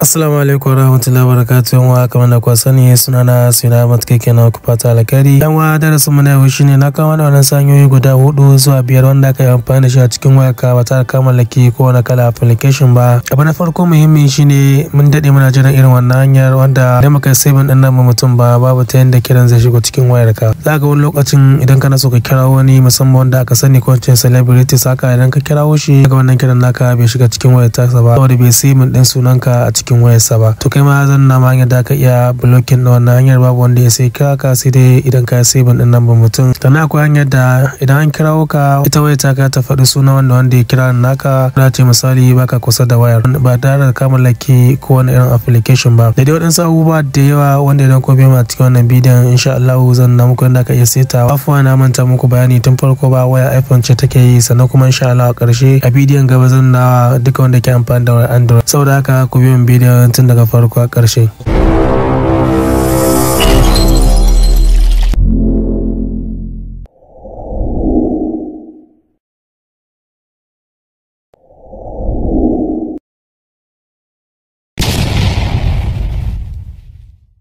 Assalamu alaikum warahmatullahi wabarakatuh yan wa kamar da kwa sani suna na Sina matuƙa ke na ku fata alkari yan wa darasin mu na yau shine na kawo da wannan sanyoyi guda hudu zuwa biyar wanda aka yi amfani da shi a cikin waya ka ba ta ka laki ko wani kala application ba abu na farko muhimmi shine mun dade muna jiran irin wannan hanyar wanda da muka sai ɗan nan mutum ba babu ta yanda kiran zai shigo cikin wayar ka za ka wani lokacin idan kana so ka kira wani musamman wanda aka sani ko cin celebrity saka idan ka kirawo shi ga wannan kiran naka bai shiga cikin wayar ta ba saboda bai sai mun din sunanka a cikin cikin wayarsa ba to kai ma zan na ma hanyar da ka iya blocking na wannan hanyar babu wanda ya sai kira ka sai dai idan ka sai ban din number mutum sannan akwai hanyar da idan an kirawo ka ita wayar ta ka ta faɗi suna wanda wanda ya kira naka da ce misali ka kusa da wayar ba tare da ka mallaki ko wani irin application ba da dai waɗansu abubuwa da yawa wanda idan ko bema cikin wannan bidiyon insha Allah zan na muku yadda ka iya seta afuwa na manta muku bayani tun farko ba waya iPhone ce take yi sannan kuma insha Allah a ƙarshe a bidiyon gaba zan na duka wanda ke amfani da wayar Android saboda haka ku biyo mu bidiyon tun daga farko a ƙarshe.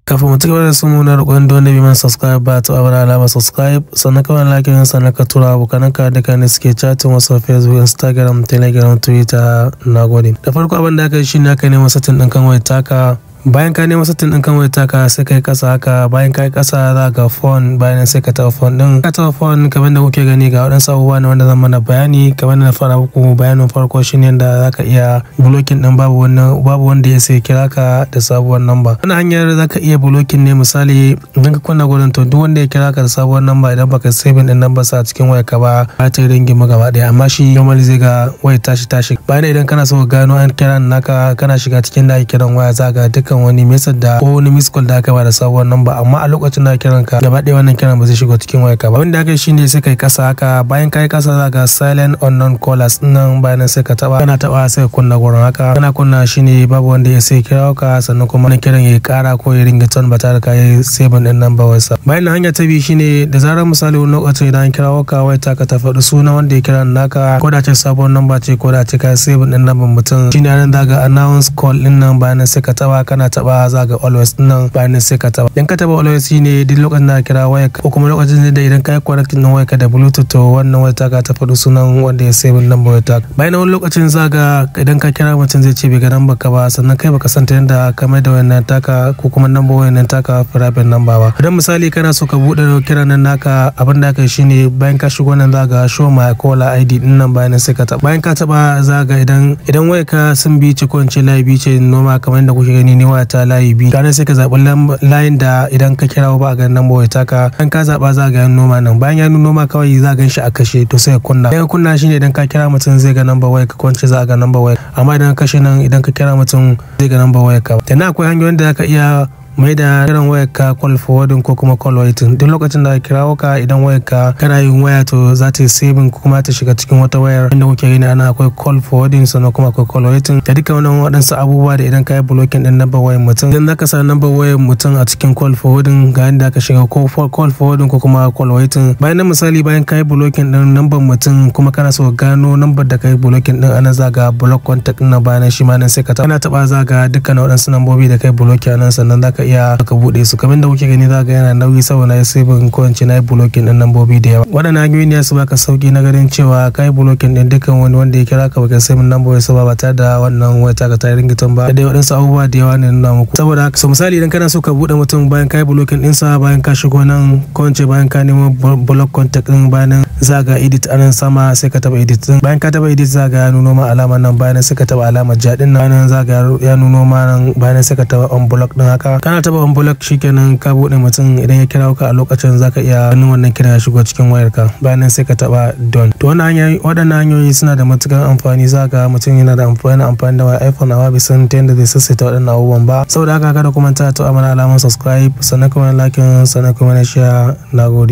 kafin mu ci gaba da su munar roƙon da wanda bai man subscribe ba ta abara alama subscribe sannan kawai like yin sannan ka tura abokanan ka da ne suke chatin wasu facebook instagram telegram twitter na gode da farko abin da aka yi ne aka nemi satin ɗin kan wai taka bayan ka nemo setting din kamar taka sai kai kasa haka bayan kai kasa za ga fon bayan sai ka taɓa fon din ka taɓa fon kamar da kuke gani ga waɗansu abubuwa ne wanda zan mana bayani kamar da na fara muku bayanin farko shine yadda za ka iya blocking din babu wannan babu wanda ya sai kira ka da sabuwar number wannan hanyar za ka iya blocking ne misali idan ka kunna gurin to duk wanda ya kira ka da sabuwar number idan baka saving din number sa a cikin waya ka ba ba ta ringi mu gaba daya amma shi normally zai ga wayar tashi tashi bayan idan kana so gano an kira naka kana shiga cikin da kiran waya za ga duk dukkan wani message da ko wani miss call da aka ba da sabuwar number amma a lokacin da kiran ka gaba ɗaya wannan kiran ba zai shigo cikin wayarka ba wanda aka shine sai kai kasa haka bayan kai kasa za ga silent unknown callers nan bayan sai ka taba kana taba sai kunna gurin haka kana kunna shine babu wanda ya sai kira ka sannan kuma wani kiran ya kara ko ya ringa ton ba tare ka yi seven din number wayarsa bayan nan hanya ta biyu shine da zarar misali wani lokacin idan kira ka wai ta ka ta faɗi suna wanda ya kira naka ko da ce sabon number ce ko da ce ka seven din number mutum shine nan ga announce call din nan bayan sai ka taba kana kana taba za ga always nan bayanin sai ka taba idan ka taba always shine duk lokacin da kira waya ko kuma lokacin da idan ka yi connecting na waya ka da bluetooth to wannan waya ta ka ta faɗi sunan wanda ya save number waya ta bayan wani lokacin za ga idan ka kira mutum zai ce bai ga number ka ba sannan kai baka santa yanda ka mai da wayannan taka ko kuma number wayannan taka private number ba idan misali kana so ka buɗe kira nan naka abin da ka shine bayan ka shigo nan za ga show my caller ID din nan bayan sai ka taba bayan ka taba za ga idan idan waya ka sun bi ce ko in ce live bi ce noma kamar yadda kuke gani ne waya ta layi biyu ganin sai ka zaɓi layin da idan ka kira ba a ganin namba waya taka idan ka zaɓa za ga yan noma nan bayan ya noma kawai za gan shi a kashe to sai ka kunna idan kunna shine idan ka kira mutum zai ga namba waya ka kwance za a ga namba waya amma idan ka kashe nan idan ka kira mutum zai ga namba waya ka tana akwai hanyoyin da za ka iya mai da irin wayar ka call forwarding ko kuma call waiting duk lokacin da kirawo ka idan wayar ka kana yin waya to za ta yi saving kuma ta shiga cikin wata wayar inda kuke yi ana akwai call forwarding sannan kuma akwai call waiting da duka wannan waɗansu abubuwa da idan ka yi blocking din number wayar mutum idan zaka sa number wayar mutum a cikin call forwarding ga inda ka shiga ko call forwarding ko kuma call waiting bayan na misali bayan ka yi blocking din number mutum kuma kana so gano number da ka yi blocking din ana zaga block contact na bayan shi ma nan sai ka ta kana taba zaga dukkan waɗansu nambobi da ka kai blocking nan sannan zaka iya ka bude su kamar da kuke gani za ga yana nauyi saboda ya sai ban ko na yi blocking din nambobi da yawa wadannan hanyoyi ne su baka sauki na ganin cewa ka blocking din dukkan wani wanda ya kira ka baka sai mun nambobi sa ba tare da wannan wata ka tare ringiton ba da dai waɗansu abubuwa da yawa ne nuna muku saboda haka so misali idan kana so ka bude mutum bayan ka blocking din sa bayan ka shigo nan ko bayan ka nemo block contact din bayan za ga edit anan sama sai ka taba edit din bayan ka taba edit za ga ya nuno ma alama nan bayan sai ka taba alamar jadin nan za ga ya nuno ma nan bayan sai ka taba on block din haka kana taba unblock shikenan ka bude mutum idan ya kira ka a lokacin zaka iya ganin wannan kira ya shigo cikin wayar ka bayan nan sai ka taba don to hanyoyi waɗannan hanyoyi suna da matukar amfani zaka mutum yana da amfani amfani da iPhone amma bai san ta yadda zai ta waɗannan abubuwan ba saboda haka kada kuma ta to amana alamar subscribe sannan kuma like sannan kuma na share nagode